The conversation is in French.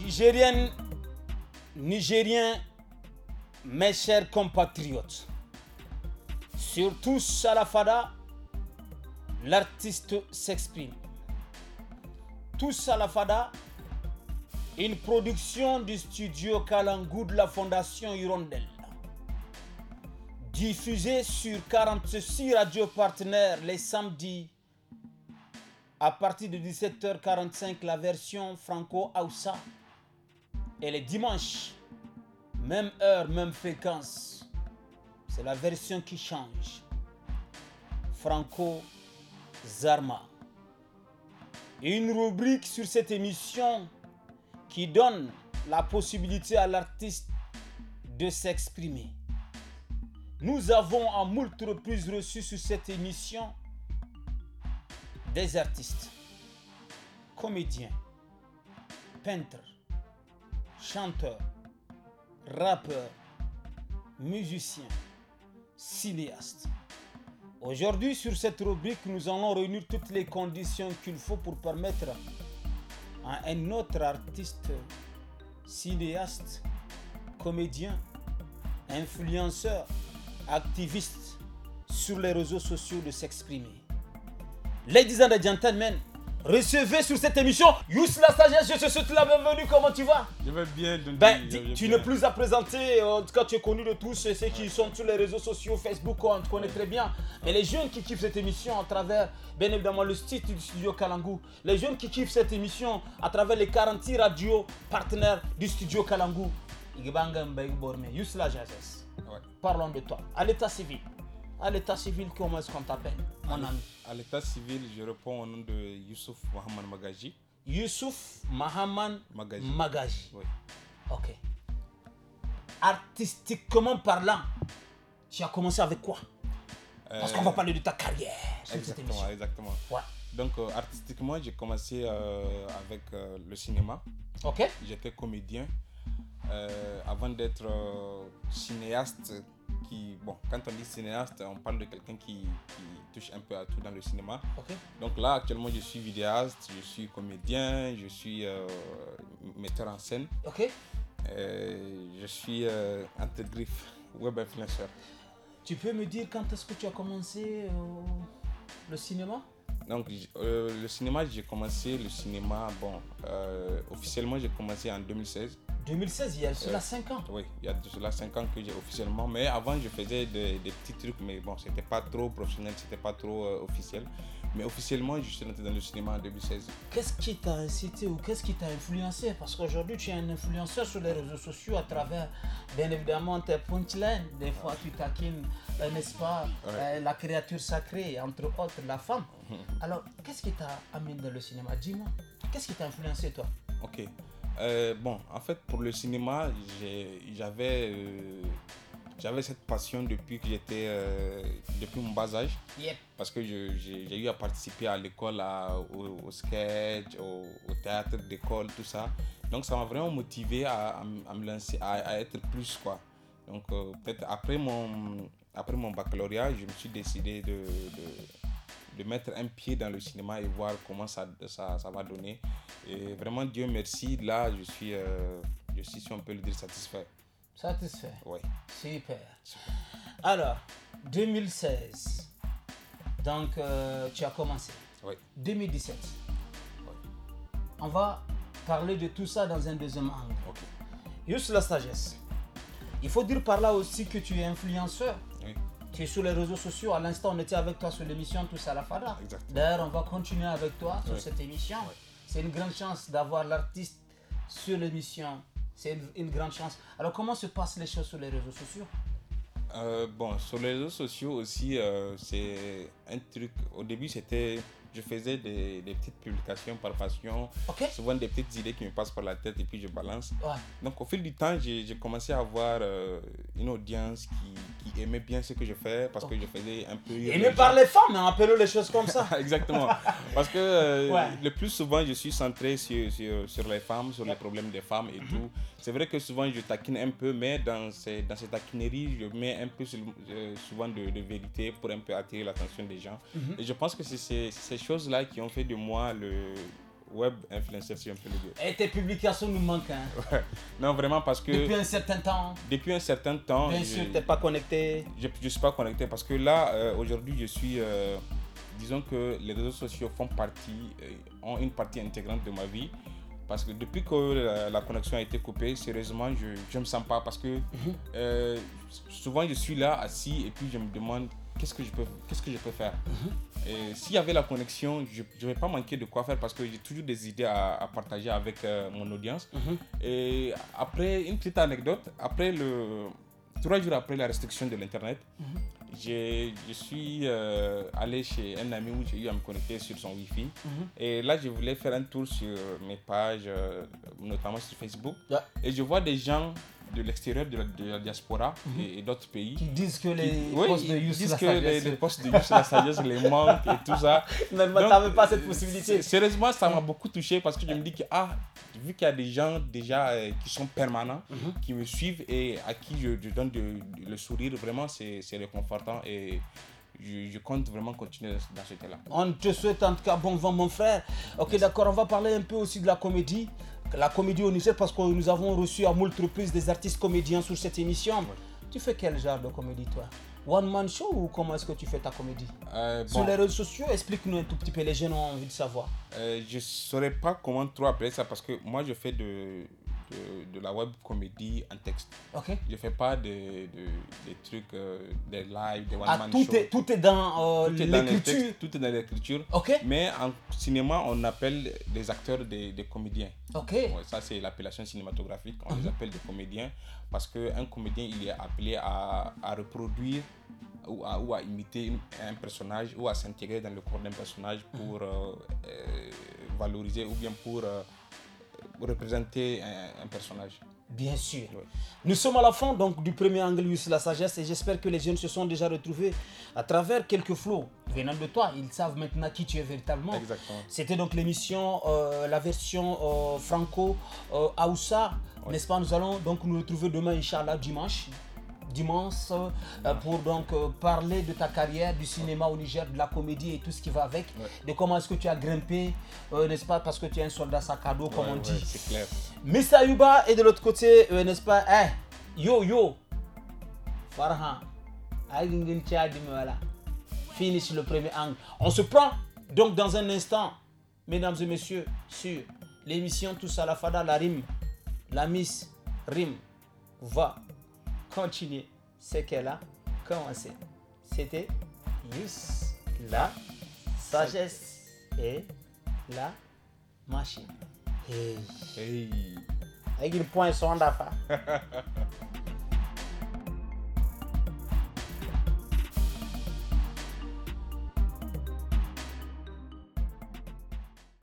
Nigérienne, Nigérien, mes chers compatriotes, sur la Salafada, l'artiste s'exprime. Tous Salafada, une production du studio Kalangou de la Fondation Hirondelle. Diffusée sur 46 radios partenaires les samedis à partir de 17h45 la version franco-aoussa. Et les dimanches, même heure, même fréquence. C'est la version qui change. Franco-Zarma. Une rubrique sur cette émission qui donne la possibilité à l'artiste de s'exprimer. Nous avons en moult reprises reçu sur cette émission des artistes, comédiens, peintres, chanteurs, rappeurs, musiciens, cinéastes. Aujourd'hui, sur cette rubrique, nous allons réunir toutes les conditions qu'il faut pour permettre à un autre artiste, cinéaste, comédien, influenceur, activiste sur les réseaux sociaux de s'exprimer. Ladies and gentlemen, recevez sur cette émission Yous la sagesse, je te souhaite la bienvenue, comment tu vas Je vais bien, ben, Tu n'es plus à présenter, en tout cas tu es connu de tous ceux qui sont sur les réseaux sociaux, Facebook, on te connaît très bien. Mais les jeunes qui kiffent cette émission à travers, bien évidemment, le site du studio Kalangu, les jeunes qui kiffent cette émission à travers les 40 radios partenaires du studio Kalangu, Yous la sagesse. Parlons de toi. À l'état civil. À l'état civil, comment est-ce qu'on t'appelle à l'état civil, je réponds au nom de Youssouf Mohamed Magaji. Youssouf Mohamed Magaji. Oui. Ok. Artistiquement parlant, tu as commencé avec quoi Parce qu'on euh, va parler de ta carrière. Exactement, exactement. Donc, euh, artistiquement, j'ai commencé euh, avec le cinéma. Ok. J'étais comédien. avant d'être cinéaste, qui, bon, quand on dit cinéaste, on parle de quelqu'un qui touche un peu à tout dans le cinéma. Donc là, actuellement, je suis vidéaste, je suis comédien, je suis euh, metteur en scène. Euh, je suis euh, entre griffe web influenceur. Tu peux me dire quand est-ce que tu as commencé le cinéma donc, le cinéma, j'ai commencé le cinéma, bon, officiellement, j'ai commencé en 2016. 2016, il y a cela 5 euh, ans. Oui, il y a cela 5 ans que j'ai officiellement. Mais avant, je faisais des, petits trucs, mais bon, c'était pas trop professionnel, c'était pas trop euh, officiel. Mais officiellement, je suis rentré dans le cinéma en 2016. Qu'est-ce qui t'a incité ou qu'est-ce qui t'a influencé Parce qu'aujourd'hui, tu es un influenceur sur les réseaux sociaux à travers, bien évidemment, tes punchlines. Des fois, tu taquines, euh, n'est-ce pas, la créature sacrée, entre autres, la femme. Alors, qu'est-ce qui t'a amené dans le cinéma Dis-moi, qu'est-ce qui t'a influencé, toi Ok. Euh, bon, en fait, pour le cinéma, j'avais euh, j'avais cette passion depuis que j'étais euh, depuis mon bas âge. Parce que j'ai eu à participer à l'école, au, au, sketch, au, théâtre d'école, tout ça. Donc, ça m'a vraiment motivé à, me lancer, à, être plus quoi. Donc, peut-être après mon après mon baccalauréat, je me suis décidé de, de, mettre un pied dans le cinéma et voir comment ça, ça va donner. Et vraiment, Dieu merci, là, je suis, euh, je suis, si on peut le dire, satisfait. Satisfait Oui. Super. Alors, 2016, donc euh, tu as commencé. Oui. 2017. Oui. On va parler de tout ça dans un deuxième angle. Ok. Juste la sagesse. Il faut dire par là aussi que tu es influenceur. Oui. Tu es sur les réseaux sociaux. À l'instant, on était avec toi sur l'émission Tous à la D'ailleurs, on va continuer avec toi sur cette émission. Oui. C'est une grande chance d'avoir l'artiste sur l'émission. C'est une, grande chance. Alors, comment se passent les choses sur les réseaux sociaux euh, Bon, sur les réseaux sociaux aussi, euh, c'est un truc. Au début, c'était je faisais des, petites publications par passion, souvent des petites idées qui me passent par la tête et puis je balance. Donc au fil du temps, j'ai commencé à avoir euh, une audience qui, aimait bien ce que je fais parce que je faisais un peu... Aimé par les femmes, en appelons les choses comme ça. Exactement. Parce que euh, le plus souvent, je suis centré sur, sur, les femmes, sur les problèmes des femmes et mhm. tout. C'est vrai que souvent, je taquine un peu, mais dans ces, dans cette taquineries, je mets un peu euh, souvent de, vérité pour un peu attirer l'attention des gens. Mhm. Et je pense que c'est choses-là qui ont fait de moi le web influenceur, si on peut le dire. Et eh, tes publications nous manquent. Hein? Ouais. Non, vraiment parce que... Depuis un certain temps. Depuis un certain temps. Bien sûr, t'es pas connecté. Je suis pas connecté parce que là, euh, aujourd'hui, je suis... Euh, disons que les réseaux sociaux font partie, euh, ont une partie intégrante de ma vie. Parce que depuis que la, connexion a été coupée, sérieusement, je ne me sens pas. Parce que mhm. souvent, je suis là, assis, et puis je me demande qu'est-ce que je peux, qu'est-ce que je peux faire mhm. Et s'il y avait la connexion, je ne vais pas manquer de quoi faire parce que j'ai toujours des idées à, à partager avec euh, mon audience. Mhm. Et après, une petite anecdote, après le, trois jours après la restriction de l'Internet, mhm. j'ai, je suis euh, allé chez un ami où j'ai eu à me connecter sur son Wi-Fi. Et là, je voulais faire un tour sur mes pages, euh, notamment sur Facebook. Et je vois des gens de l'extérieur de, la diaspora mhm. et, d'autres pays. Qui disent que les postes de Youssef les, les, manquent et tout ça. Mais moi, tu pas cette euh, possibilité. Sérieusement, ça m'a mhm. beaucoup touché parce que je me dis que, ah, vu qu'il y a des gens déjà euh, qui sont permanents, mhm. qui me suivent et à qui je, donne de, le sourire, vraiment, c'est réconfortant et. Je, compte vraiment continuer dans ce thème-là. On te souhaite en tout cas bon vent, mon frère. Ok, d'accord, on va parler un peu aussi de la comédie la comédie au Nice parce que nous avons reçu à moult des artistes comédiens sur cette émission. Tu fais quel genre de comédie toi One man show ou comment est-ce que tu fais ta comédie euh, Sur les réseaux sociaux, explique-nous un tout petit peu, les jeunes ont envie de savoir. Euh, je ne saurais pas comment trop appeler ça parce que moi je fais de, de, la web comédie en texte. ok Je fais pas des de, de trucs, euh, des lives, des ah, one man tout euh, tout est dans l'écriture. Tout est dans l'écriture. Mais en cinéma, on appelle des acteurs des, comédiens. Ok. ça, c'est l'appellation cinématographique. On les mhm. appelle des comédiens parce qu'un comédien, il est appelé à, reproduire ou à, imiter un personnage ou à s'intégrer dans le corps d'un personnage pour mhm. euh, valoriser ou bien pour représenter un, personnage. Bien sûr. Nous sommes à la fin donc du premier Angelus, la sagesse, et j'espère que les jeunes se sont déjà retrouvés à travers quelques flots venant de toi. Ils savent maintenant qui tu es véritablement. Exactement. C'était donc l'émission, euh, la version euh, franco-aoussa, euh, n'est-ce pas Nous allons donc nous retrouver demain, Inch'Allah, dimanche dimanche euh, pour donc euh, parler de ta carrière, du cinéma au Niger, de la comédie et tout ce qui va avec, de comment est-ce que tu as grimpé, euh, n'est-ce pas, parce que tu es un soldat sac à dos, comme on dit. c'est clair. Miss Yuba et de l'autre côté, n'est-ce pas, eh, yo yo, Farhan, finish le premier angle. On se prend donc dans un instant, mesdames et messieurs, sur l'émission Tous à la Fada, la rime, la miss, rime, va continuer ce qu'elle a commencé. C'était Yus, la sagesse et la machine. Hey. Avec le point son d'affaires.